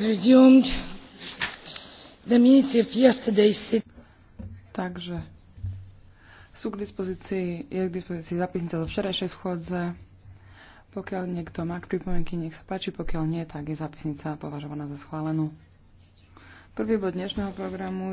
Takže sú k dispozícii, je k dispozícii zapisnica zo včerajšej schôdze. Pokiaľ niekto má k pripomienky, nech sa páči, pokiaľ nie, tak je zapisnica považovaná za schválenú. Prvý bod dnešného programu